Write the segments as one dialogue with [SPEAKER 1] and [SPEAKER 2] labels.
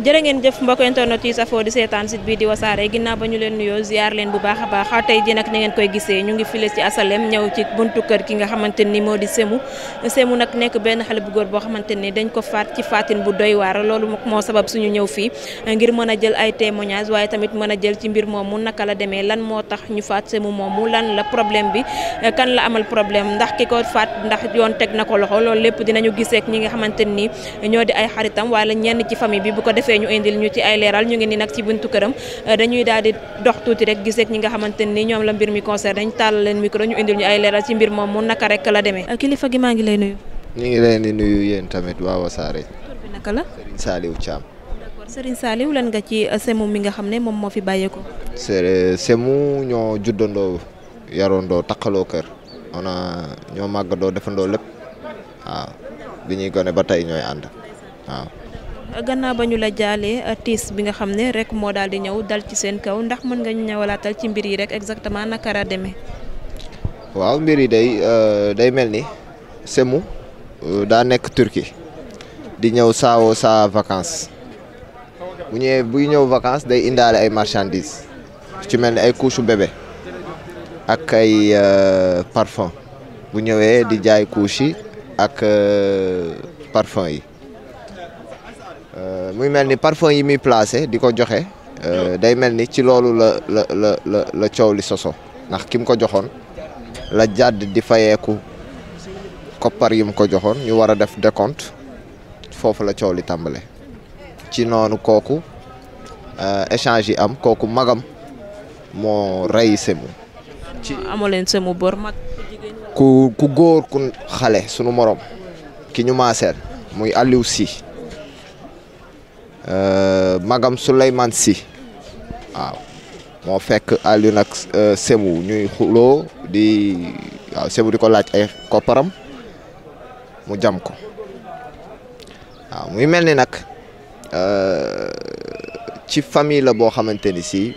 [SPEAKER 1] jërë ngeen jëf mbokk internet yi safoo di seetaan site bii di wasaare ginnaaw ba ñu leen nuyoo ziar leen bu baax a baax tey ji nag ni ngeen koy gisee ñu ngi file ci asalem ñëw ci buntu kër ki nga xamante ni moo di Sémou Sémou nag nekk benn xale bu góor boo xamante ni dañ ko faat ci faatin bu doy waar loolu moo sabab suñu ñëw fii ngir mën a jël ay témoignage waaye tamit mën a jël ci mbir moomu naka la demee lan moo tax ñu faat Sémou moomu lan la problème bi kan la amal problème ndax ki ko ndax yoon teg na ko loxo loolu lépp dinañu gisee ak ñi nga ni ñoo di ay xaritam wala ñenn ci famille bi bu ko defee see ñu indil ñu ci ay leeral ñu ngi ni nag ci buntu këram euh, dañuy daal di dox tuuti rek gisee ñi nga xamante ni ñoom la mbir mi concerné dañ tàll leen micro ñu indil ñu ay leeral ci mbir moom mu naka rek la demee. Euh, kilifa gi maa ngi lay nuyu.
[SPEAKER 2] ñu ngi leen di nuyu yéen tamit waaw Wassare. tur
[SPEAKER 1] bi naka la saaliw leen nga ci euh, semu mi nga xam ne moom moo fi ko
[SPEAKER 2] semu ñoo juddandoo yarandoo takkaloo kër on a ñoo màggandoo defandoo lépp waaw bi ñuy gone ba tey ñooy ànd
[SPEAKER 1] gannaaw ba ñu la jaalee euh, tiis bi nga xam ne rek moo daal di ñëw dal ci seen kaw ndax mën nga ñu ñëwalaatal ci mbir yi rek exactement naka la demee.
[SPEAKER 2] waaw mbir yi day euh, day mel ni Semu euh, daa nekk turki di ñëw saawoo saa vacance bu ñëwee buy ñëw vacance day indaale ay marchandises ci mel ni ay couche bébé ak ay parfum bu ñëwee di jaay couche yi ak parfum yi. Euh, muy mel ni parfum yi muy placé di ko joxe euh, day mel ni ci loolu la la la coow li soso ndax ki ko joxoon la jàdd di fayeeku koppar yi mu ko joxoon ñu war a def décompte foofu la coow li tàmbale ci noonu kooku euh, échange yi am kooku magam moo rey semu
[SPEAKER 1] ci amoo bor mag
[SPEAKER 2] ku ku góor ku xale sunu morom ki ñu maaseel muy Aliou Sy Euh, magam Souleymane Sy waaw moo fekk Aliou nag euh, Sémou ñuy xuloo di waaw Sémou di ko laaj ay kopparam mu jam ko waaw muy mel ni nag euh, ci famille la boo xamante ni si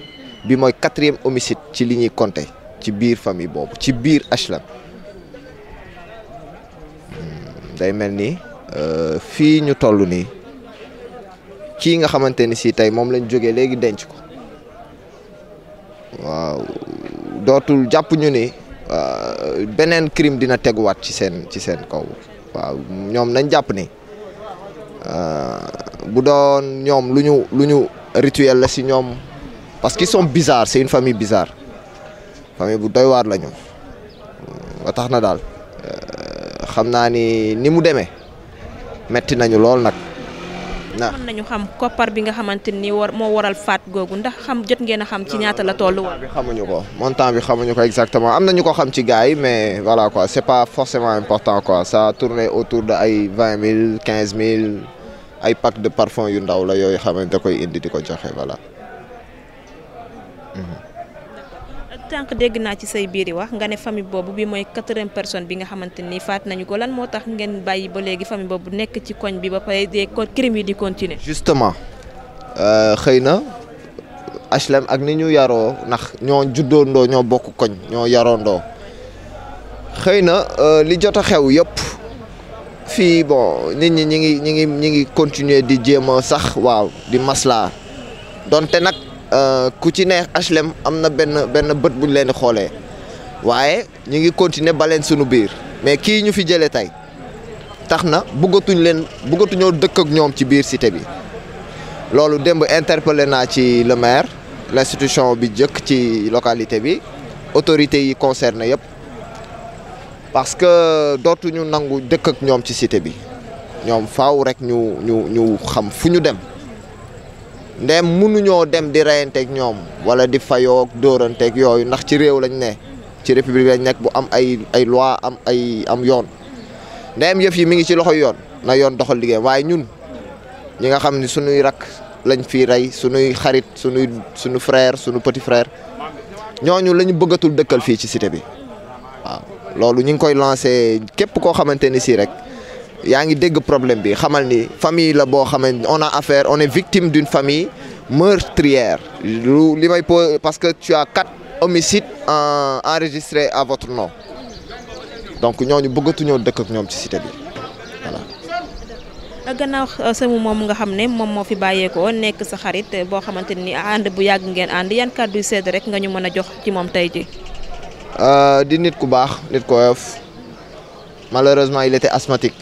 [SPEAKER 2] bi mooy quatrième homicide ci li ñuy compter ci biir famille boobu ci biir HLM hmm, day mel ni fii ñu toll nii. ci nga xamante ni si tey moom lañ jógee léegi denc ko waaw dootul jàpp ñu ni euh, beneen crime dina teguwaat ci seen ci seen kaw waaw ñoom nañ jàpp ni euh, bu doon ñoom lu ñu lu ñu rituel la si ñoom parce qu'ils sont bizarres c'est une famille bizarre famille bu doy waar la ñu tax na daal euh, xam naa ni ni mu demee metti nañu loolu nag
[SPEAKER 1] mën nañu xam koppar bi nga xamante ni war moo waral faat googu ndax xam jot ngeen a xam ci ñaata la toll woon bi xamuñu ko
[SPEAKER 2] montant bi xamuñu ko exactement am na ñu ko xam ci gars yi mais voilà quoi c'est pas forcément important quoi ça tournait autour de ay vingt mille quinze mille ay pack de parfum yu ndaw la yooyu xamante koy indi di ko joxe voilà
[SPEAKER 1] mm-hmm. tànk dégg naa ci say biiri wax nga ne famille boobu bi mooy quatre-vingts personnes bi nga xamante ni faat nañu ko lan moo tax ngeen bàyyi ba léegi famille boobu nekk ci koñ bi ba pare des crimes yi di continuer
[SPEAKER 2] justement euh, xëy na HLM ak ni ñu yaroo ndax ñoo juddoondoo ñoo bokk koñ ñoo yaroondoo xëy na euh, li jot a xew yëpp fii bon nit ñi ñi ngi ñi ngi ñi ngi continuer di jéem sax waaw di maslaa donte nag Euh, ku ci neex HLM am na benn benn bët bu ñu leen xoolee waaye ñu ngi continuer ba leen sunu biir mais kii ñu fi jëlee tey tax na bëggatuñ leen bëggatuñoo dëkk ak ñoom ci biir cité bi loolu démb interpellé naa ci le maire l'institution bi jëkk ci localité bi autorités yi concerné yëpp parce que dootuñu nangu dëkk ak ñoom ci cité bi ñoom faaw rek ñu ñu ñu xam fu ñu dem. ndem mënuñoo dem di reyanteeg ñoom wala di fayoo dóoranteeg yooyu ndax ci réew lañu ne ci république lañ bu am ay ay loi am ay am yoon ndem yëf yi mu ngi ci loxoy yoon na yoon doxal liggéey waaye ñun ñi nga xam ne suñuy rakk lañ fii rey suñuy xarit suñuy suñu frère suñu petit frère ñooñu lañu bëggatul dëkkal fii ci cité bi waaw loolu ñu ngi koy lancé képp koo xamante ni si rek yaa ngi dégg problème bi xamal ni famille la boo xam ne on a affaire on est victime d'une famille meurtrière lu li may po parce que tu as quatre homicides enregistrés à votre nom donc ñooñu bëggatuñoo dëkk ñoom ci cité bi voilà.
[SPEAKER 1] gannaaw euh, sama moom nga xam ne moom moo fi bàyyeekoo nekk sa xarit euh, boo xamante ni ànd bu yàgg ngeen ànd yan kàddu yu sedd rek nga ñu mën a jox ci moom tey ji
[SPEAKER 2] euh, di nit ku baax nit ku woyof malheureusement il était asthmatique.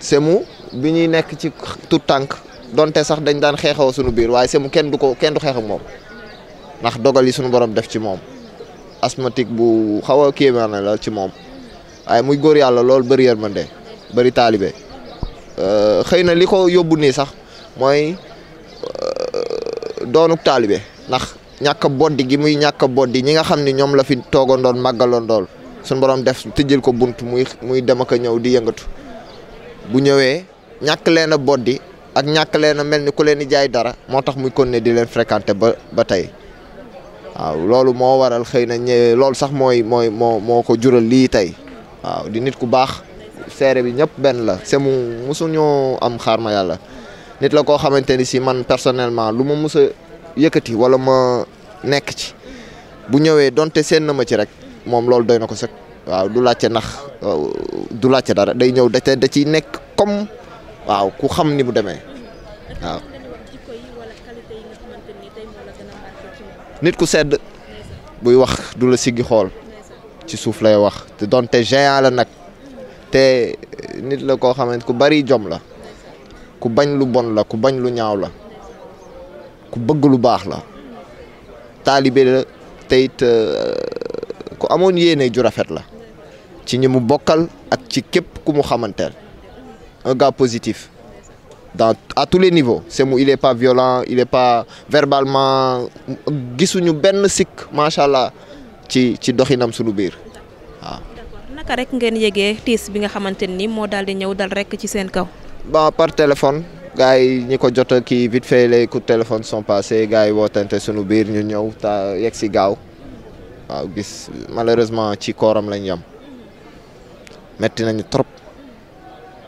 [SPEAKER 2] semu bi ñuy nekk ci tout tànk donte sax dañ daan xeexoo suñu biir waaye semu kenn du ko kenn du xeex moom ndax dogal yi suñu borom def ci moom asthmatique bu xaw a kéemaane la ci moom waaye muy góor yàlla loolu ma yërmande bari taalibe euh, xëy na li ko yóbbu nii sax mooy euh, doonu taalibe ndax ñàkk a boddi gi muy ñàkk a boddi ñi nga xam ni ñoom la fi toogandoon màggalandool sunu borom def tëjjal ko bunt muy muy dem ak ñëw di yëngatu bu ñëwee ñàkk leen a boddi ak ñàkk leen a mel ni ku leen di jaay dara moo tax muy ne di leen fréquenter ba ba tey waaw loolu moo waral xëy na ñëwee loolu sax mooy mooy moo moo ko jural lii tey waaw di nit ku baax seere bi ñëpp benn la c'est mu mosuñoo am xaar ma yàlla nit la koo xamante ni si man personnellement lu ma musa a yëkkati wala ma nekk ci bu ñëwee donte seen na ma ci rek moom loolu doy na ko sax waaw du laajte nax du laajte dara day ñëw da da ciy nekk comme waaw ku xam ni bu demee waaw. nit ku sedd buy wax du la siggi xool ci suuf lay wax te donte géant la nag te nit la koo xamante ku bari jom la ku bañ lu bon la ku bañ lu ñaaw la ku bëgg lu baax la taalibe la te euh, ku amoon yéene ju rafet la ci ñi mu bokkal ak ci képp ku mu xamanteel un gars positif dans à tous les niveaux c'est mu il est pas violent il est pas verbalement gisuñu benn sikk macha allah ci ci doxinam sunu biir waaw.
[SPEAKER 1] naka rek ngeen yëgee tiis bi nga xamante ni moo daal di ñëw dal rek ci seen kaw.
[SPEAKER 2] ba par téléphone. gars yi ñi ko jot kii vite fait les coups téléphone sont passés gars yi wootante sunu biir ñu ñëw ta yegg si gaaw. waaw gis malheureusement ci kooram lañ yam metti nañu trop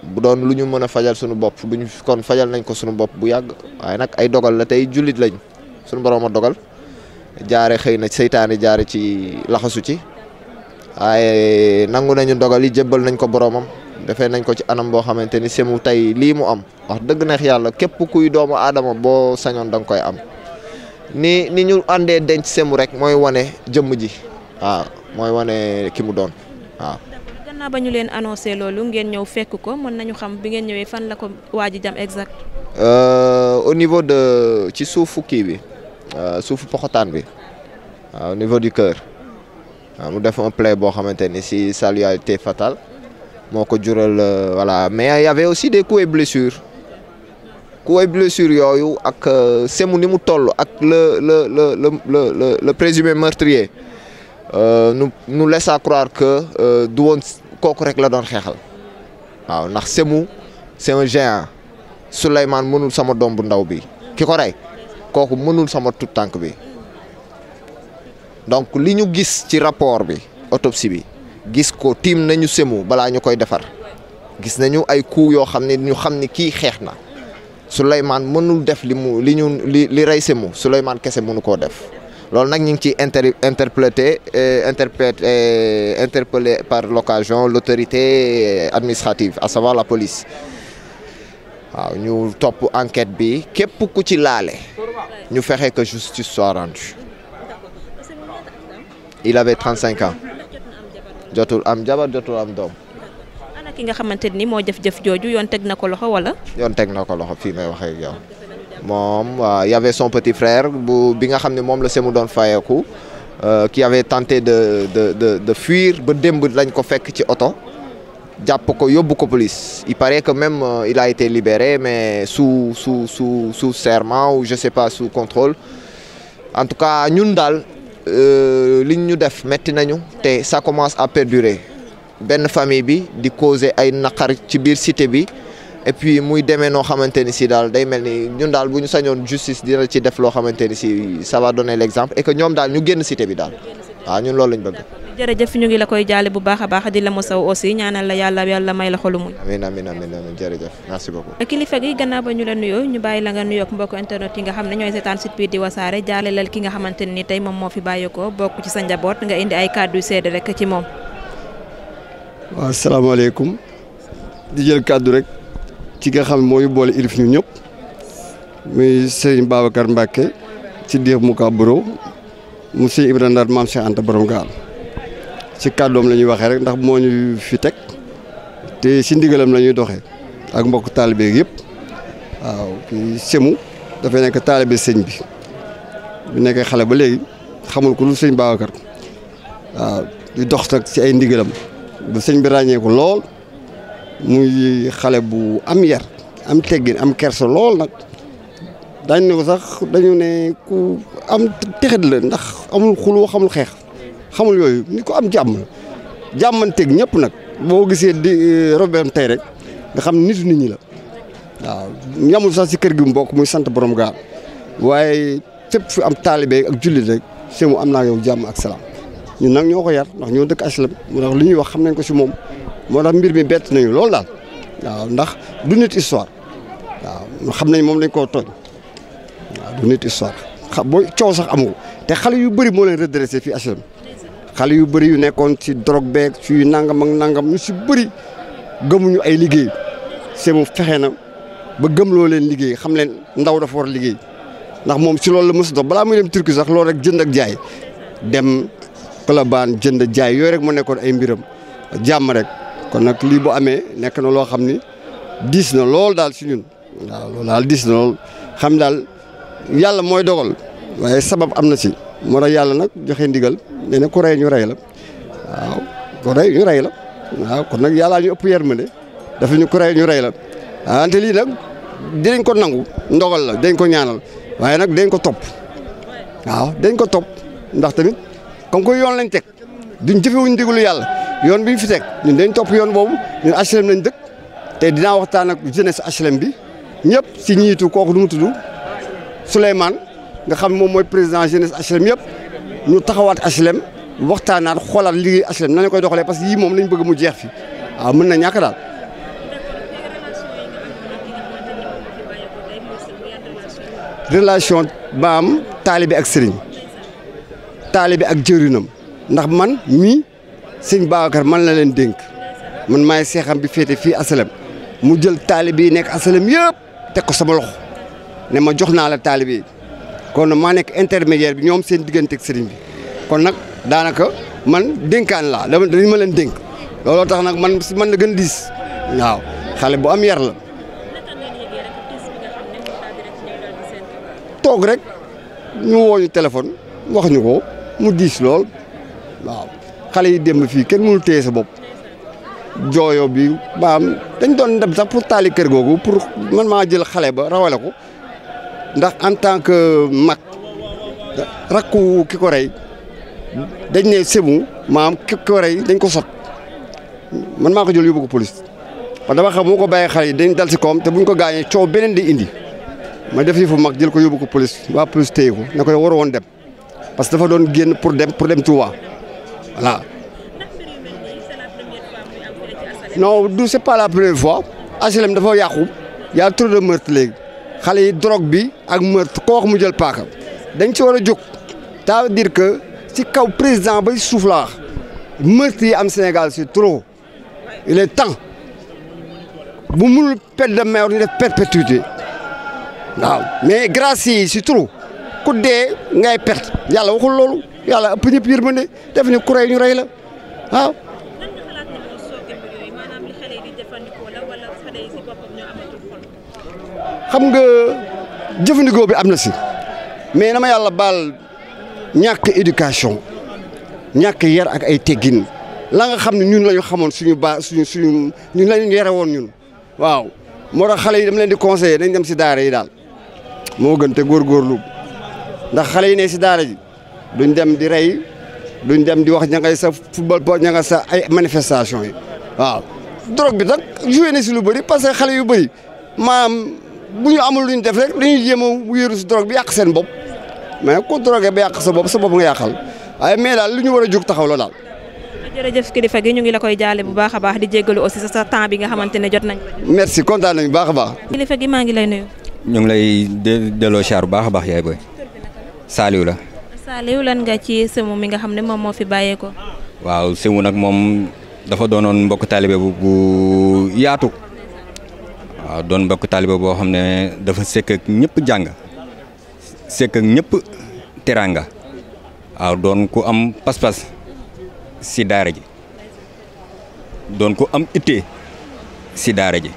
[SPEAKER 2] bu doon lu ñu mën a fajal suñu bopp duñ kon fajal nañ ko suñu bopp bu yàgg waaye nag ay dogal la tey jullit lañ suñu borom dogal jaare xëy na seytaane jaare ci laxasu ci waaye nangu nañu dogal yi jébbal nañ ko boromam defee nañ ko ci anam boo xamante ni semu tey lii mu am wax dëgg neex yàlla képp kuy doomu aadama boo sañoon da koy am ni ni ñu àndee denc semu rek mooy wane jëmm ji waaw mooy wane ki mu doon waaw.
[SPEAKER 1] gannaaw ba ñu leen annoncé loolu ngeen ñëw fekk ko mën nañu xam bi ngeen ñëwee fan la ko waa ji jam exact.
[SPEAKER 2] Euh, au niveau de ci suufu kii bi euh, suufu poxotaan bi au niveau du cœur waaw mu def un play boo xamante ni si salualité fatal moo ko jural euh, voilà mais il y aussi des coups et blessures. ku ay blessure yooyu ak euh, semu ni mu toll ak le le le le le le présumé meurtrier nu euh, nu laisse à croire que euh, du woon kooku rek la doon xeexal waaw ndax semu c'est un géant Souleymane mënul sama doom bu ndaw bi ki ko rey kooku mënul sama tout tànk bi donc li ñu gis ci rapport bi autopsie bi gis ko tiim nañu semu balaa ñu koy defar gis nañu ay coups yoo xam ne ñu xam ni kii xeex na Souleymane mënul def li mu li ñu li li rey Sémou Souleymane kese mënu koo def loolu nag ñu ngi ciy inter interpellé euh, interpellé euh, interpellé par l'occasion l'autorité euh, administrative à savoir la police waaw ñu topp enquête bi képp ku ci laale ñu fexe que justice soit rendue il avait cinq ans jotul am jabar jotul am doom
[SPEAKER 1] ki nga xamante ni moo jëf-jëf jooju yoon teg na ko loxo wala.
[SPEAKER 2] yoon teg na ko loxo fii may waxee ak yow moom y avait son petit frère bu bi nga xam ne moom la semu doon fayeeku euh, qui avait tenté de de de de fuir ba démb lañ ko fekk ci oto jàpp ko yóbbu ko police il paraît que même euh, il a été libéré mais sous sous sous sous serment ou je sais pas sous contrôle en tout cas ñun daal euh, liñ ñu def metti nañu te ça commence à perdurer. benn famille bi di causer ay naqar ci biir cité bi et muy demee noo xamante ni si daal day mel ni ñun daal bu ñu sañoon justice dina ci def loo xamante ni si ça donner l'exemple et ñoom daal ñu génn cité bi daal waaw ñun loolu lañ bëgg.
[SPEAKER 1] jërëjëf ñu ngi la koy jaale bu baax a baax di la mosaw ba ñu la nuyoo ñu bàyyi la nga nuyoog mbokku internet yi nga xam ne ñooy seetaan site bii di wasaare jaalelal ki nga xamante ni tey moom moo fi bàyyeekoo bokk ci sa njaboot nga indi ay kàddu seede rek ci moom
[SPEAKER 3] waaw salaamaaleykum di jël kàddu rek ci nga xam mooy boole ilif ñu ñëpp muy sëriñ Babacar Mbacke ci diir mu ka boro mu sëriñ Ibrahima Ndar maam Cheikh Anta borom gaal ci kàddoom lañuy ñuy waxee rek ndax moo ñu fi teg te si ndigalam la doxee ak mbokk taalibe yëpp waaw kii semu dafay nekk taalibe sëñ bi bu nekkee xale ba léegi xamul ko lu sëñ Babacar waaw di dox nag ci ay ndigalam. bu sëñ bi ràññeeku lool muy xale bu am yar am teggin am kerso lool nag dañ ne ko sax dañu ne ku am texet la ndax amul xuloo xamul xeex xamul yooyu ni ko am jàmm la jàmmanteeg ñëpp nag boo gisee di eh, robem tey rek nga xam nitu nit ñi la waaw ñamul sax si kër gi mbokk muy sant borom gaal waaye fépp fi am taalibe ak jullit rek sëñ mu am naa yow jàmm ak salaam. ñun nag ñoo ko yar ndax ñoo dëkk aslam mu tax li ñuy wax xam nañ ko si moom moo tax mbir mi bett nañu loolu daal waaw ndax du nit histoire waaw xam nañ moom lañ koo tooñ waaw du histoire xam coow sax amul te xale yu bëri moo leen redressé fi aslam xale yu bëri yu nekkoon ci drogue beeg ci nangam ak nangam ñu si bëri gëmuñu ay liggéey c'est mu fexe na ba gëmloo leen liggéey xam leen ndaw dafa war liggéey ndax moom si loolu la mos balaa muy dem Turquie loolu rek jënd ak jaay Colobane jënd jaay yooyu rek mu nekkoon ay mbiram jàmm rek kon nag lii bu amee nekk na loo xam ni diis na lool daal si ñun waaw loolu daal diis na lool xam daal yàlla mooy dogal waaye sabab am na si moo tax yàlla nag joxe ndigal nee ko ku ñu rey la waaw ku rey ñu rey la waaw kon nag yàlla ñu ëpp yërmande dafa ñu ku ñu rey la wante ah, lii nag ko nangu ndogal la dañ ko ñaanal waaye nag dañ ko topp waaw dañ ko topp ndax tamit. comme que yoon lañ teg duñ jëfewuñ ndigalu yàlla yoon bi ñu fi teg ñun dañ topp yoon boobu ñun HLM lañ dëkk te dinaa waxtaan ak jeunesse HLM bi ñëpp si ñiitu kooku nu mu tudd Souleymane nga xam moom mooy président jeunesse HLM yëpp ñu taxawaat HLM waxtaanaat xoolaat liggéey HLM nan la koy doxalee parce que yii moom lañ bëgg mu jeex fi waa mën na ñàkk daal. relation baam taalibe ak sëriñ. taalibe ak jërinam ndax man mii sëñ Babacar man la leen dénk man maay seexam bi féete fii asalam mu jël taalibe yi nekk asalam yëpp teg ko sama loxo ne ma jox naa la taalibe yi kon maa nekk intermédiaire bi ñoom seen diggante ak bi kon nag daanaka man dénkaan laa dama dañ ma leen dénk looloo tax nag man si man la gën diis waaw xale bu am yar la toog rek ñu woo ñu téléphone wax ñu ko. mu diis lool waaw xale yi dem fii kenn mënu téye sa bopp jooyo bi maam dañ doon dem sax pour taali kër googu pour man maa jël xale ba rawale ko ndax en tant que mag rakku ki ko rey dañ ne semu maam ki ko rey dañ ko sot man maa ko jël yóbbu ko police wax dama xam moo ko bàyyi xale yi dañ dal si koom te buñ ko gaañee coow beneen di indi ma def yi fu mag jël ko yóbbu ko police waa police téye ko ne ko waroo woon dem parce que dafa doon génn pour dem pour dem Touba voilà. non du c'est pas la première fois HLM dafa yàqu yaa a trop de meurtre léegi xale yi drogue bi ak meurtre koo wax mu jël paaka dañ ci war a jóg ça veut dire que si kaw président bay suuf laa meurtre yi am Sénégal c'est trop il est temps bu munul perte de maire ñu def perpétuité waaw mais grâce yi c'est trop ku dee ngay perte yàlla waxul loolu yàlla ëpp ñëpp yërmande def ni ku ñu rey la waaw. xam nga jëfandikoo bi am na si mais na ma yàlla baal ñàkk éducation ñàkk yar ak ay teggin la nga xam ne ñun la ñu xamoon suñu ba suñu suñu ñun la ñu yare woon ñun waaw moo tax xale yi dama leen di conseiller dañ dem si daara yi daal moo gën te góorgóorlu ndax xale yi ne si daara ji duñ dem di rey duñ dem di wax ña ngay sa football po ña nga sa ay manifestation yi waaw drogue bi nag joué na si lu bari parce que xale yu bëri maam bu ñu amul lu ñu def rek dañuy jéem a wéeru si drogue bi yàq seen bopp mais ku drogue ba yàq sa bopp sa bopp nga yàqal waaye mais daal lu ñu war a jóg taxaw la daal.
[SPEAKER 1] jërëjëf kilifa ñu ngi la jaale bu baax baax di jéggalu aussi sa temps bi nga xamante ne jot nañ
[SPEAKER 4] merci
[SPEAKER 3] kontaan nañu baax a
[SPEAKER 4] baax.
[SPEAKER 1] kilifa gi maa ngi lay ne
[SPEAKER 4] ñu ngi lay delloo char bu baax a baax yaay booy. Saliou la.
[SPEAKER 1] Saliou lan nga ci Sémou mi nga xam ne moom moo fi bàyyeekoo.
[SPEAKER 4] waaw Sémou nag moom dafa doonoon mbokk taalibe bu bu yaatu. waaw doon mbokk taalibe boo xam ne dafa sekk ñépp jàng sekk ñépp ñëpp teraanga waaw doon ku am pas-pas si daara ji doon am ittee si ji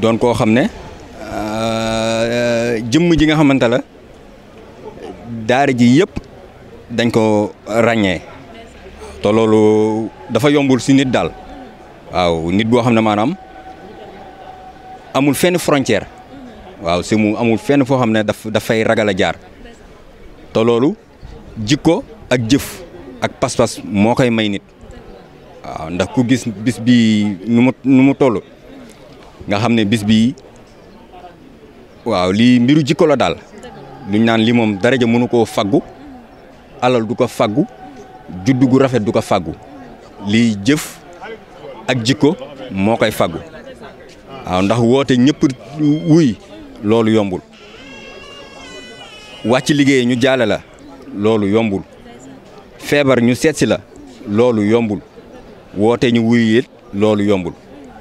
[SPEAKER 4] doon koo xam ne ah, jëmm ji nga xamante la. daara ji yépp dañ ko ràññee te loolu dafa yombul si nit daal waaw nit boo xam ne maanaam amul fenn frontière waaw si mu amul fenn foo xam ne daf dafay ragal a jaar te loolu jikko ak jëf ak pas-pas moo koy may nit waaw ndax ku gis bis bi nu mu nu mu toll nga xam ne bis bi waaw lii mbiru jikko la daal luñ naan li moom daraja mënu koo faggu alal du ko faggu juddu gu rafet du ko faggu lii jëf ak jikko moo koy faggu waaw ndax woote ñëpp wuy loolu yombul wàcc liggéey ñu jaale la loolu yombul feebar ñu seetsi la loolu yombul woote ñu wuy loolu yombul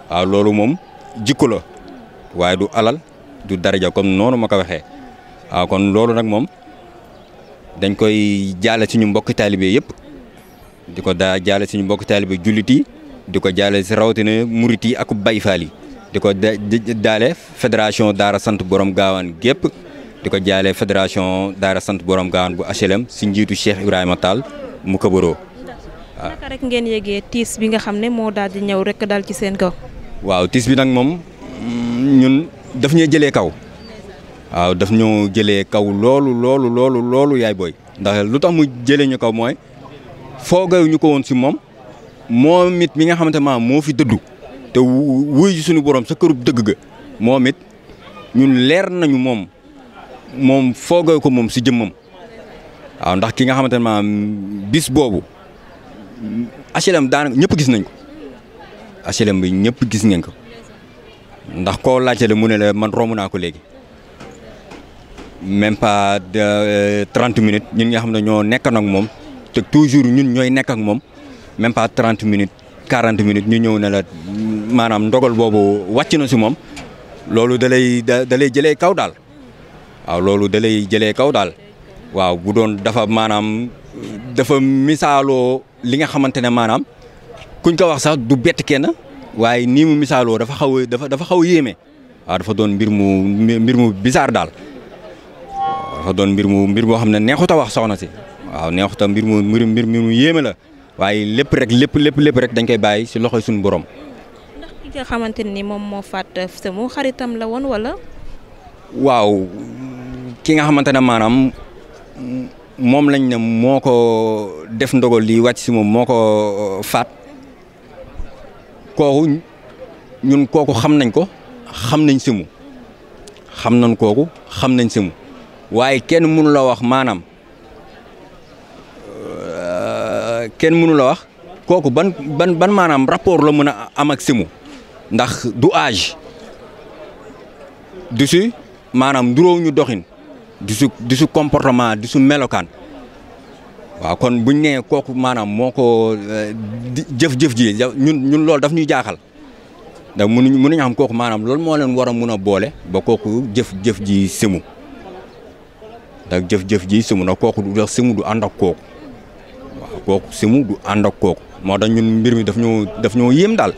[SPEAKER 4] waaw loolu moom jikko la waaye du alal du daraja comme noonu ma ko waxee waaw ah, kon loolu nag moom dañ koy jaale suñu mbokk taalibe yëpp di ko daa jaale suñu mbokki taalibe jullit yi di ko jaale si rawatina murit yi ak Baay Faal di ko daale fédération Daara sant borom gaawaan gépp di ko jaale fédération Daara sant borom gaawaan bu HLM si njiitu Cheikh Ibrahima taal mu këbaroo waaw
[SPEAKER 1] ah. rek ngeen yëgee tiis bi nga xam ne moo daal di ñëw rek dal ci seen kaw.
[SPEAKER 4] waaw tiis bi nag moom mm, ñun daf ñuy jëlee kaw. waaw daf ñu jëlee kaw loolu loolu loolu loolu yaay booy ndax lu tax mu jëlee ñu kaw mooy foogayu ñu ko woon si moom moo it mi nga xamante maam moo fi dëddu te wuy ji suñu borom sa kërub dëgg ga moom ñun leer nañu moom moom foogayu ko moom si jëmmam waaw ndax ki nga xamante maam bis boobu HLM daanaka ñëpp gis nañ ko HLM bi ñëpp gis nañ ko ndax koo laajte la mu ne la man romb naa ko léegi même pas de euh, minutes ñun nga xam ne ñoo nekk ak moom te toujours ñun ñooy nekk ak moom même pas 30 minutes 40 minutes ñu ñëw ne la maanaam ndogal boobu wàcc na si moom loolu da lay da lay jëlee kaw daal waaw loolu da lay jëlee kaw daal waaw bu doon dafa maanaam dafa misaaloo li nga xamante ne maanaam kuñ ko wax sax du bett kenn waaye nii mu misaaloo dafa xaw a dafa dafa xaw a yéeme waaw dafa doon mbir mu mbir mu bisaar daal. dafa doon mbir mu mbir moo xam ne neexut a wax soxna si waaw neexut a mbir mu mbir mu yéeme la waaye lépp rek lépp lépp lépp rek dañ koy bàyyi si loxoy suñu borom.
[SPEAKER 1] ndax ki moom moo faat Semou xaritam la woon wala.
[SPEAKER 4] waaw ki nga xamante ne maanaam moom lañ ne moo ko def ndogal li wàcc si moom moo ko faat kooku ñun kooku xam nañ ko xam nañ Semou xam nañ kooku xam nañ Semou. waaye kenn mënu la wax maanaam euh, kenn mënu la wax kooku ban ban ban maanaam rapport la mën a am ak simu ndax du âge du si maanaam nduróow ñu doxin du su comportement du su melokaan waaw kon buñ nee kooku maanaam moo ko euh, jëf-jëf ji ñun ñun loolu daf ñuy jaaxal ndax mënuñ mënuñ xam kooku maanaam loolu moo leen war a mun a boole ba kooku jëf-jëf ji simu ndax jëf-jëf ji simu na kooku du def simu du ànd ak kooku waaw kooku simu du ànd ak kooku moo da ñun mbir mi daf ñoo daf ñoo yéem daal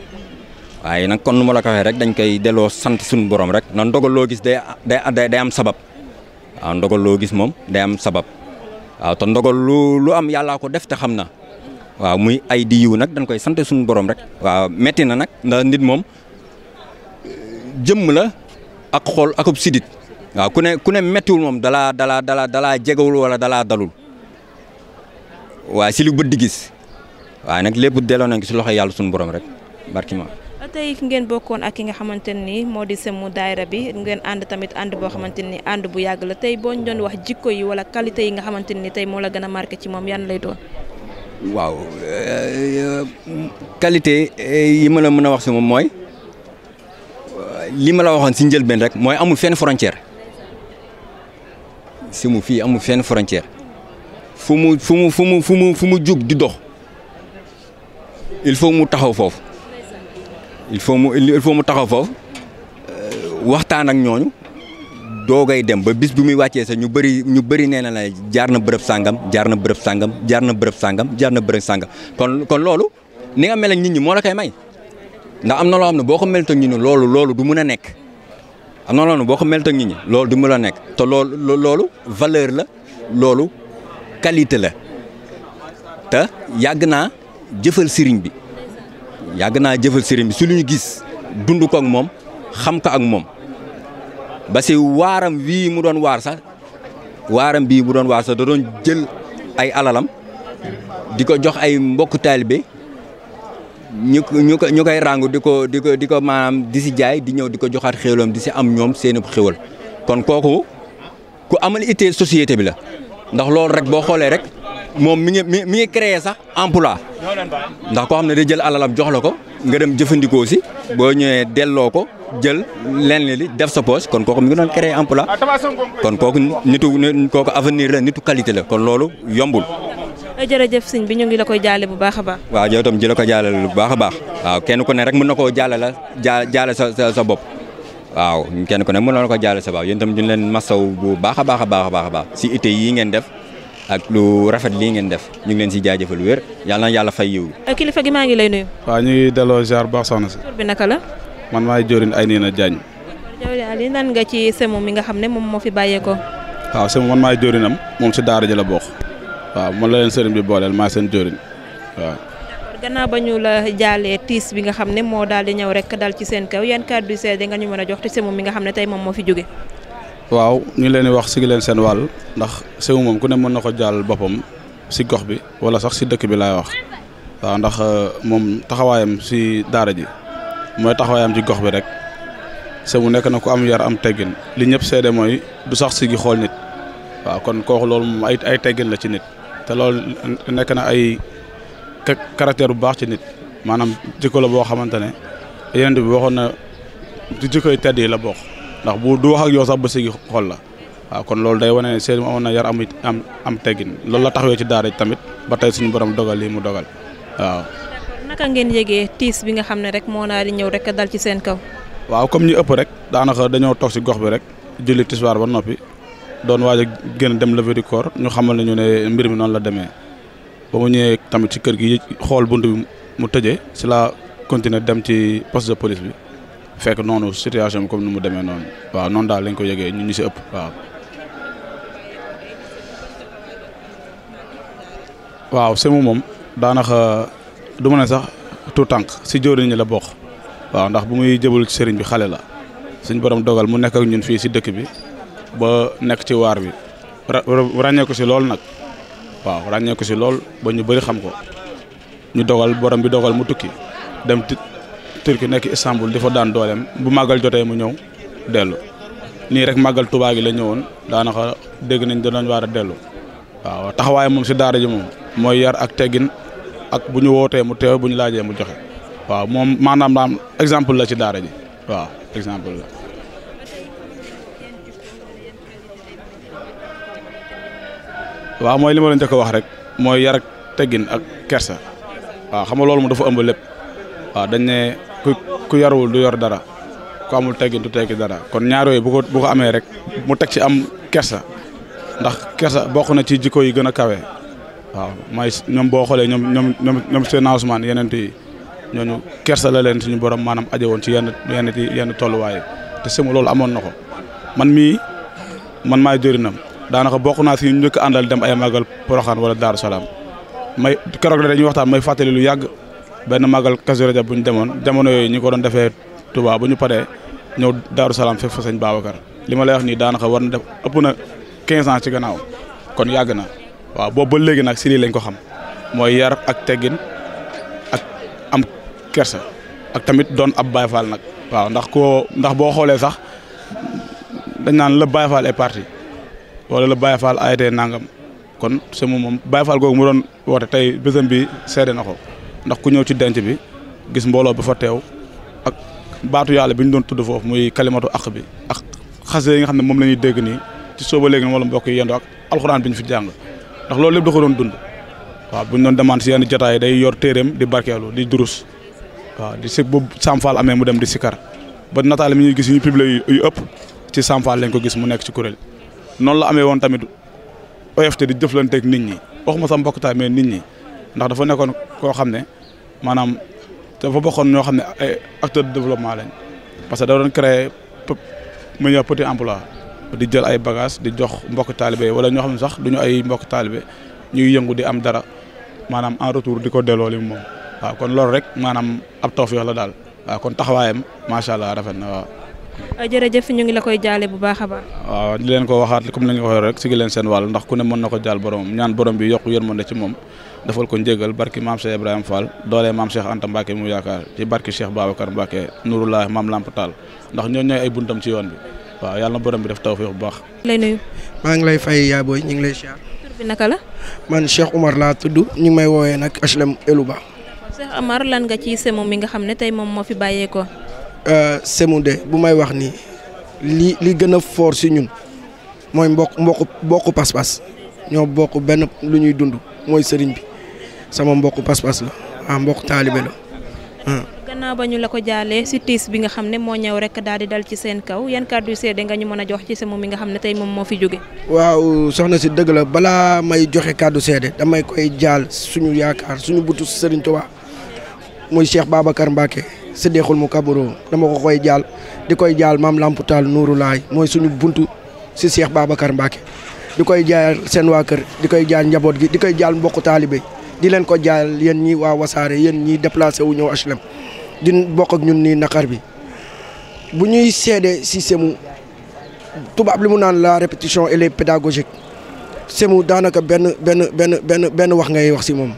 [SPEAKER 4] waaye nag kon nu ma la ko rek dañ koy delloo sant suñu boroom rek na ndogal gis day day am sabab waaw gis moom day am sabab waaw ndogal lu lu am yàllaa ko def te xam na waaw muy ay yiw nag dañ koy sant suñu borom rek. waaw metti na nag ndax nit moom jëmm la ak xool akub sidit waaw ku ne ku ne méttiwul moom dalaa dalaa dalaa dalaa jegewul wala dalaa dalul waaye si li bët di gis waaye nag lépp delloo nañ ko si loxo yàlla suñu borom rek barki ma
[SPEAKER 1] tey ngeen bokkoon ak ki nga xamante ni moo di sëmmu daayira bi ngeen ànd tamit ànd boo xamante ni ànd bu yàgg la tey boo ñu doon wax jikko yi wala qualité yi nga xamante ni tey moo la gën a marqué ci moom yan lay doon.
[SPEAKER 4] waaw eh, qualité eh, yi ma la mën a wax si moom mooy li ma la waxoon si njëlbeen rek mooy amul fenn frontière. si mu fii amul fenn frontière fu mu fu mu fu mu fu mu fu mu jug di dox il faut mu taxaw foofu il faut mu il mu taxaw foofu euh, waxtaan ak ñooñu doogay dem ba bis bu muy wàccee sax ñu bëri ñu bëri nee na la jaar na bërëb sàngam jaar na bërëb sàngam jaar na bërëb sàngam jaar na bërëb sàngam kon loolu ni nga mel ak nit ñi moo la koy may ndax am na loo xam ne boo ko melatoon ñu ne loolu loolu du mun a nekk. Ah, non non boo ko melta nit ñi loolu du mën a nekk te lool loolu valeur la loolu qualité la te yàgg naa jëfal sëriñ bi yàgg naa jëfal sëriñ bi su lu ñu gis dund ko ak moom xam ko ak moom ba si waaram wii mu doon waar sax waaram bii mu doon waar sax da doon jël ay alalam di ko jox ay mbokk taalibe ñu ñu ko ñu koy ràngu di ko di ko di ko maanaam di si jaay di ñëw di ko joxaat xéwalam di si am ñoom seen xéwal kon kooku ku amal ittee société bi la ndax loolu rek boo xoolee rek moom mu ngi mi ngi sax emploi ndax koo xam ne day jël alalam jox la ko nga dem jëfandikoo si boo ñëwee delloo ko jël leen li def sa poche kon kooku mi ngi doon créé emploi ah, kon kooku nitu kooku avenir la nitu qualité la kon loolu yombul.
[SPEAKER 1] jërëjëf sëñ bi ñu ngi la koy jaale bu baax a baax.
[SPEAKER 4] waaw yow itam ko jaale bu baax a kenn ku ne rek mën na koo jaale la jaa sa sa sa bopp waaw kenn ku ne mën na ko jaale sa bopp yéen itam ñu leen masaw bu baax a baax a baax a baax si itte yi ngeen def. ak lu rafet lii ngeen def ñu ngi leen si jaajëfal wér yàlla na yàlla fay yiw.
[SPEAKER 1] Eh, kilifa gi maa ngi lay nuyu.
[SPEAKER 5] waaw ñu ngi delloo ziar baax soxna si. tur bi naka la. man maay Diorin Aynina Diagne.
[SPEAKER 1] Diorin nan nga ci semo mi nga xam ne moom moo fi bàyyeekoo.
[SPEAKER 5] waaw semo man maay Diorinam moom si daara la bokk. waaw man la leen sëriñ bi booleel maa seen jëriñ waaw.
[SPEAKER 1] gannaaw ba ñu la jaalee tiis bi nga xam ne moo daal di ñëw rek dal ci seen kaw yan kàddu yu seede nga ñu mën a jox te semu mi nga xam ne tey moom moo
[SPEAKER 5] waaw ñu leen di wax sigi leen seen wàll ndax semu moom ku ne mën na ko jàll boppam si gox bi wala sax si dëkk bi laay wax waaw ndax euh, moom taxawaayam si daara ji mooy taxawaayam ci gox bi rek semu nekk na ku am yar am teggin li ñëpp seede mooy du sax sigi xool nit waaw kon kooku loolu moom ay teggin la ci nit. te lool nekk na ay caractère bu baax ci nit maanaam jikko la boo xamante ne yeneen bi waxoon na ci jikkoy tedd yi la bokk ndax buur du wax ak yow sax ba sigi xol la waaw kon loolu day wane ne seen amoon na yar am am am teggin loolu la taxawee ci daara tamit ba tey suñu borom dogal lii mu dogal waaw.
[SPEAKER 1] naka ngeen yëgee tiis bi nga xam ne rek moo naa di ñëw rek dal ci seen kaw.
[SPEAKER 5] waaw comme ñu ëpp rek daanaka dañoo toog si gox bi rek julli tisbaar ba noppi doon waaj a dem levée du ñu xamal nañu ne mbir mi noonu la demee ba mu ñëwee tamit ci kër gi xool bunt bi mu tëje si la continuer dem ci poste de police bi fekk noonu situation bi comme ni mu demee noonu waaw noonu daal lañ ko yëgee ñu ñu si ëpp waaw. waaw moom daanaka du ma ne sax tout tànk si jëwriñ ñi la bokk waaw ndax bu muy jëbal ci sëriñ bi xale la suñ borom dogal mu nekk ak ñun fii si dëkk bi. ba nekk ci waar bi ràññee ko si lool nag waaw ràññee ko si lool ba ñu bëri xam ko ñu dogal borom bi dogal mu tukki dem Turki nekk Istanbul di fa daan dooleem bu màggal jotee mu ñëw dellu nii rek màggal Tuubaa gi la ñëwoon daanaka dégg nañ danañ waar a dellu waaw taxawaay moom si daara ji moom mooy yar ak teggin ak bu ñu wootee mu teew bu ñu laajee mu joxe waaw moom maanaam exemple la ci daara ji waaw exemple la waaw mooy li ma leen njëkk a wax rek mooy yar ak teggin ak kersa waa xam nga loolu moom dafa ëmb lépp waaw dañ ne ku ku du yor dara ku amul teggin du teggi dara kon ñaar yooyu bu ko bu amee rek mu teg ci am kersa ndax kersa bokk na ci jikko yi gën a kawe waaw may ñoom boo xoolee ñoom ñoom ñoom ñoom seen Ousmane yeneen yi ñooñu kersa la leen ñu borom maanaam aje woon ci yenn yenn yenn tolluwaay te semu loolu amoon na ko man mii man maay jëriñam daanaka bokk naa si ñu njëkk àndal dem ay màggal Poroxaan wala Daaru Salaam may keroog la dañuy waxtaan may fàttali lu yàgg benn màggal Kazu bu ñu demoon jamono yooyu ñu ko doon defee Touba bu ñu paree ñëw Daaru Salaam fekk fa baaw Babacar li ma lay wax nii daanaka war na def ëpp na 15 ans ci gannaaw kon yàgg na waaw boobu ba léegi nag si lii lañ ko xam mooy yar ak teggin ak am kerse ak tamit doon ab Baye Fall nag. waaw ndax koo ndax boo xoolee sax dañ naan la Baye Fall wala la Baye Fall ayatee nangam kon sama moom Baye Fall googu mu doon woote tey bésam bi seede na ko ndax ku ñëw ci denc bi gis mbooloo ba fa teew ak baatu yàlla bi ñu doon tudd foofu muy kalimatu aq bi ak xase yi nga xam ne moom lañuy dégg nii ci sooba léegi wala mbokk yi yendoo ak alxuraan bi ñu fi jàng ndax loolu lépp da ko doon dund waaw bu ñu doon demande si yenn jotaay day yor téereem di barkeelu di durus waaw di si bu Sam Fall amee mu dem di sikar ba nataal mi ñuy gis yu publié ëpp ci Sam lañ ko gis mu nekk ci kuréel noonu la amee woon tamit oyof te di jëflanteeg nit ñi waxuma sa mbokk taay mais nit ñi ndax dafa nekkoon koo xam ne maanaam te dafa bokkoon ñoo xam ne ay acteurs de développement lañ parce que da doon créer mu ñëw petit emploi di jël ay bagages di jox mbokk taalibe wala ñoo xam ne sax duñu ay mbokk taalibe ñuy yëngu di am dara maanaam en retour di ko delloo moom waaw kon loolu rek maanaam ab tawfeex la daal waaw kon taxawaayam macha allah rafet na waaw.
[SPEAKER 1] Euh, jërëjëf ñu ngi la koy jaale bu baax a baax
[SPEAKER 5] waaw di leen ko waxaat comme nañ ko waxee rek sigi leen seen wàll ndax ku ne mën na ko jaal boromam ñaan borom bi yokk yërmande ci moom dafal ko njégal barki maam Cheikh Ibrahima Fall yoon bi waaw yàlla na bi def tawfeex bu baax
[SPEAKER 6] lay maa ngi lay fay yaa booy ñu ngi lay siyaar tur bi naka la man Cheikh Oumar laa tudd ñu ngi may woowee nag HLM Elouba
[SPEAKER 1] Cheikh Omar lan nga ci mi nga xam ne tey moom moo fi bàyyeekoo
[SPEAKER 6] Euh, semu de bu may wax nii li li gën a fort si ñun mooy mbokk mbokk mbokku pas-pas ñoo bokk benn lu ñuy dund mooy sëriñ bi sama mbokk pas-pas la ah mbokk taalibe la
[SPEAKER 1] gannaaw ba ñu la ko jaalee si tiis bi nga xam ne moo ñëw rek daal di dal ci seen kaw yan kàddu seede nga ñu mën a jox ci sama mi nga xam ne tey moom moo fi jóge
[SPEAKER 6] waaw soxna si dëgg la balaa may joxe kàddu seede damay koy jaal suñu yaakaar suñu butu sëriñ Tuubaa mooy Cheikh Babacar Mbacke si deexul mu kaburo dama ko koy jaal di koy jaal maam Lamputaal Nuuru Laay mooy suñu buntu si Cheikh Babacar Mbacke. di koy jaal seen waa kër di koy jaal njaboot gi di koy jaal mbokku taalibe di leen ko jaal yéen ñi waa wasaare yéen ñi déplacé wu ñëw HLM di bokk ak ñun nii naqar bi bu ñuy seede si semu tubaab li mu naan la répétition et les pédagogiques semu daanaka benn benn benn benn benn wax ngay wax si moom.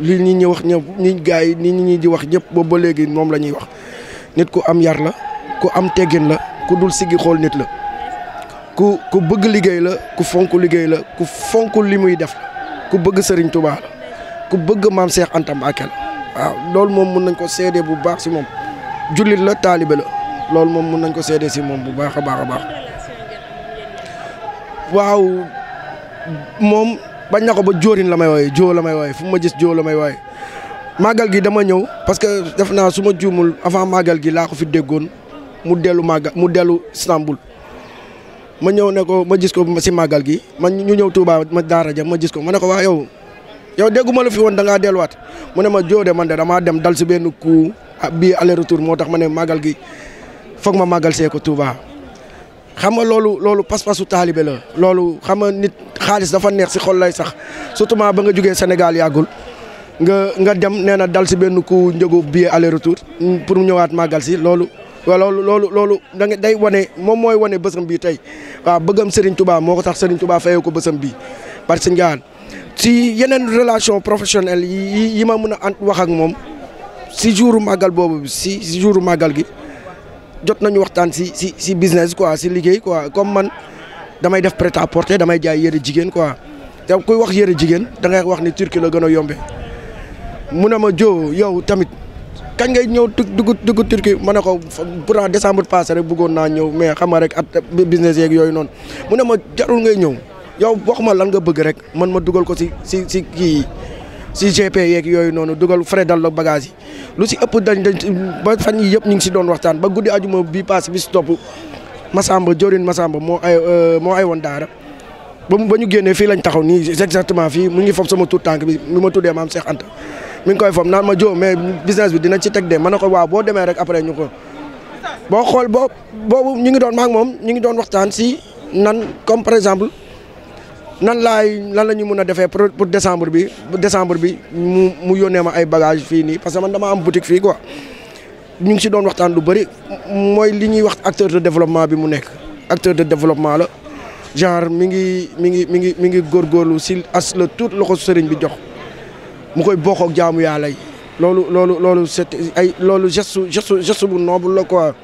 [SPEAKER 6] li nit ñi wax ñëpp nit gars yi nit ñi di wax ñëpp boobu ba léegi moom la ñuy wax nit ku am yar la ku am teggin la ku dul siggi xool nit la ku ku bëgg liggéey la ku fonk liggéey la ku fonk li muy def ku bëgg sëriñ Touba ku bëgg maam Cheikh Anta Mbacké waaw loolu moom mun nañ ko seede bu baax si moom jullit la taalibe la loolu moom mun nañ ko seede si moom bu baax a baax a baax waaw moom bañ na ko ba jóorin la may wooye joo la may wooye fu ma gis joo la may wooye màggal gi dama ñëw parce que def naa su ma juumul avant màggal gi laa ko fi déggoon mu dellu màggal mu dellu Istanbul ma ñëw ne ko ma gis ko si màggal gi man ñu ñëw Touba ma daara jam ma gis ko ma ne ko waa yow yow dégguma la fi woon dangaa delluwaat mu ne ma joo de man de damaa dem dal si benn coup ah, bii aller retour moo tax ma ne màggal gi foog ma màggal see ko Touba xam nga loolu loolu pas-pasu taalibe la loolu xam xaalis dafa neex si xol lay sax surtout ba nga jugee Sénégal yàggul nga nga dem nee na dal si benn ku njëgu billet aller retour mm, pour ñëwaat màggal si loolu. waaw loolu loolu loolu nga day wane moom mooy wane bësam bii tey waaw bëggam sëriñ Touba moo ko tax Serigne Touba fayee ko bësam bii parce que ngaan si yeneen relation professionnelle yi yi ma mën a wax ak moom si jouru màggal boobu si si jouru màggal gi jot nañu waxtaan si si si business quoi si liggéey quoi damay def prêt à porter damay jaay yére jigéen quoi te kuy wax yére jigéen dangay ngay wax ni turki la gën a yombee mu ne ma joo yow tamit kañ ngay ñëw dugg dugg turki ma ne ko pourtant décembre passé rek buggoon naa ñëw mais xam rek at business yeeg yooyu noonu mu ne ma jarul ngay ñëw yow wax ma lan nga bëgg rek man ma dugal ko si si si kii si GP yeeg yooyu noonu dugal frais dal la bagage yi lu si ëpp dañ dañ ba fan yi yëpp ñu ngi si doon waxtaan ba guddi ajuma bi passé bi si topp Massamba Diorine Massamba moo ay euh, moo ay woon daara ba mu ba ñu génnee fii lañ taxaw nii exactement fii mu ngi fob sama tuut tànk bi bi ma tuddee maam Cheikh Anta mi ngi koy fob naan ma joo mais business bi dina ci teg de ma ne ko waaw boo demee rek après ñu ko boo xool boo boobu ñu ngi doon maak moom ñu ngi doon waxtaan si nan comme par exemple nan laay lan la ñu mën a defee pour décembre bi décembre bi mu mu yónnee ma ay bagages fii nii parce que man dama am boutique fii quoi. ñu ngi si doon waxtaan lu bëri mooy li ñuy wax acteur de développement bi mu nekk acteur de développement la genre mi ngi mi ngi mi ngi mi ngi góor góorlu si as la tuut loxo sëriñ bi jox mu koy bokk ak jaamu yàlla yi loolu loolu loolu c'est ay loolu geste gestu geste bu noble la quoi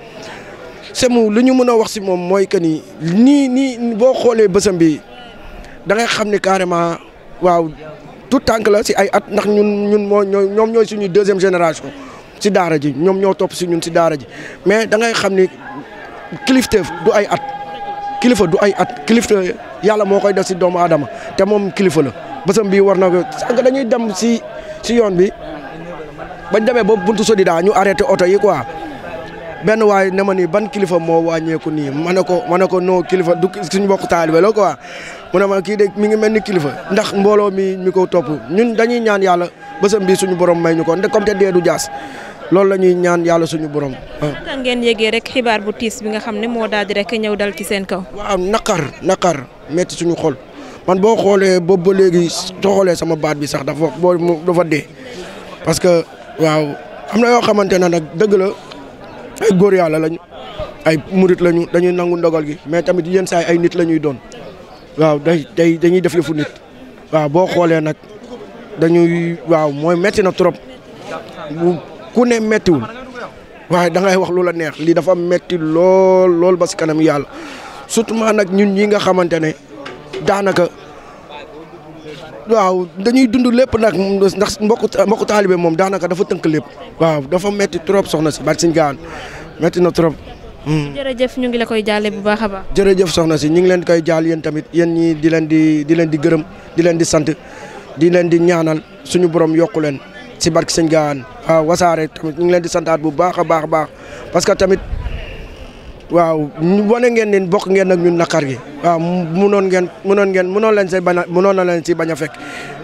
[SPEAKER 6] c'est mu li ñu mën a wax si moom mooy que ni nii nii boo xoolee bësam bi dangay xam ni carrément waaw tout tànk la si ay at ndax ñun ñun moo ñoom ñooy suñu deuxième génération si daara ji ñoom ñoo topp si ñun si daara ji mais da ngay xam ni kilifteef du ay at kilifa du ay at kilifa yàlla moo koy def si doomu aadama te moom kilifa la bësam bii war na ko sànq dañuy dem si si yoon bi bañ demee ba buntu daa ñu arrêté oto yi quoi. benn waay ne ma nii ban kilifa moo wàññeeku nii ma ne ko ma ne ko non kilifa du suñu mbokk taalibe la quoi mu ne ma kii de mi ngi mel ni kilifa ndax mbooloo mi mi ko topp ñun dañuy ñaan yàlla bésam bi suñu borom may ñu ko nde comme te du jaas loolu la ñuy ñaan yàlla suñu borom. Ah.
[SPEAKER 1] ngeen yëgee rek xibaar bu tiis bi nga xam ne moo daal di rek ñëw dal ci seen kaw. waaw naqar
[SPEAKER 6] naqar metti suñu xol man boo xoolee boobu ba léegi soo xoolee sama baat bi sax dafa boo dafa dee parce que waaw am na yoo xamante ne nag dëgg la ay góor yàlla lañu ay murit lañu dañuy nangu ndogal gi mais tamit yenn saa ay nit lañuy doon waaw day day dañuy def fu nit waaw boo xoolee nag dañuy waaw mooy metti na trop ku ne mettiwul waaye da wax lu la neex lii dafa metti lool lool ba si kanam yàlla surtout nag ñun ñi nga xamante ne daanaka. waaw dañuy dund lépp nag ndax mbokku mbokku moom daanaka dafa tënk lépp waaw dafa metti trop soxna si baat siñ gaan metti na trop. Hmm.
[SPEAKER 1] jërëjëf ñu ngi la jaale bu baax a baax.
[SPEAKER 6] jërëjëf soxna si ñu ngi leen koy jaal yéen tamit yéen ñii di leen di di leen di gërëm di leen di sant di leen di ñaanal suñu borom yokku leen si barke sëñ gaan waaw wasaare tamit ñu ngi leen di santaat bu baax a baax a baax parce que tamit. waaw wane ngeen ne bokk ngeen ak ñun naqar gi waaw munoon ngeen munoon ngeen munoon leen si bañ a na leen si baña fekk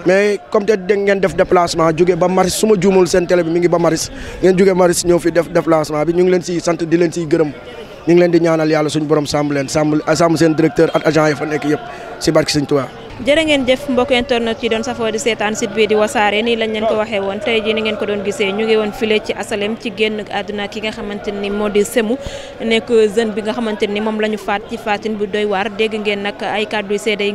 [SPEAKER 6] mais comme te dégg ngeen def déplacement jóge ba Maris su ma juumul seen télé bi mi ngi ba Maris ngeen jóge Maris ñëw fi def déplacement bi ñu ngi leen si sant di leen siy gërëm ñu ngi leen di ñaanal yàlla suñu borom sàmm leen sàmm sàmm seen directeur ak agent yi fa nekk yëpp si barki Sëñ Tuubaa
[SPEAKER 1] jërë ngeen jëf mbokk internet yi doon safoo di seetaan site bii di wasaare nii lañ leen ko waxee woon tey jii ngeen ko doon gisee ñu ngi woon file ci asalem moo di bi nga xamante ni moom la ñu faat ci faatin bu doy waar dégg ngeen nag ay kàddu seede yi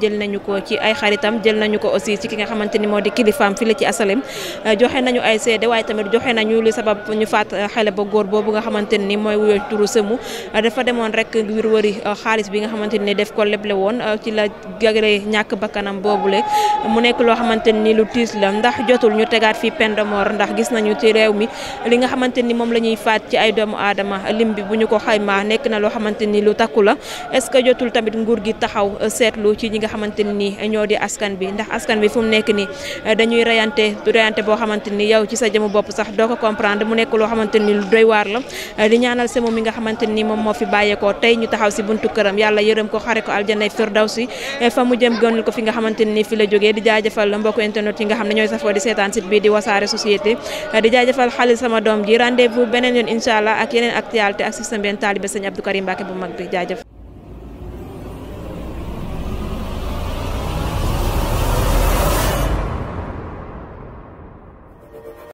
[SPEAKER 1] jël nañu ko ci ay xaritam jël nañu ko aussi ci ki nga xamante ni moo di kilifaam file ci asalem euh, joxe nañu ay seede waaye tamit joxe nañu sabab ñu faat xale ba góor boobu nga xamante ni mooy wuyoo turu semu euh, dafa demoon rek ngir wëri euh, xaalis bi nga xamante ni def ko leble woon ci la jëlee ñàkk bakkanam boobule mu nekk loo xamante ni lu tiis la ndax jotul ñu tegaat fi peine de mort ndax gis nañu ci réew mi li nga xamante ni moom la ñuy faat ci ay doomu aadama lim bi bu ñu ko xaymaa nekk na loo xamante ni lu takku la est-ce que jotul tamit nguur gi taxaw seetlu ci ñi nga xamante ni ñoo di askan bi ndax askan bi fu nekk nii dañuy reyante reyante boo xamante ni yow ci sa jëmu bopp sax doo ko mu nekk loo xamante ni lu waar la ñaanal moom mi nga xamante ni moom moo fi bàyyeekoo tey ñu taxaw si buntu këram yàlla yërëm ko xare ko aljanay firdawsi fa mu jëm gënul ko fi nga xamante ni fi la jógee di jaajëfal mbokku internet yi nga xam ne ñooy safoo di seetaan site bi di wasaare société di jaajëfal xaalis sama doom ji rendez-vous beneen yoon incha allah ak yeneen actualité ak système benn taalibe sëñ Abdou Karim Mbacke bu mag bi jaajëf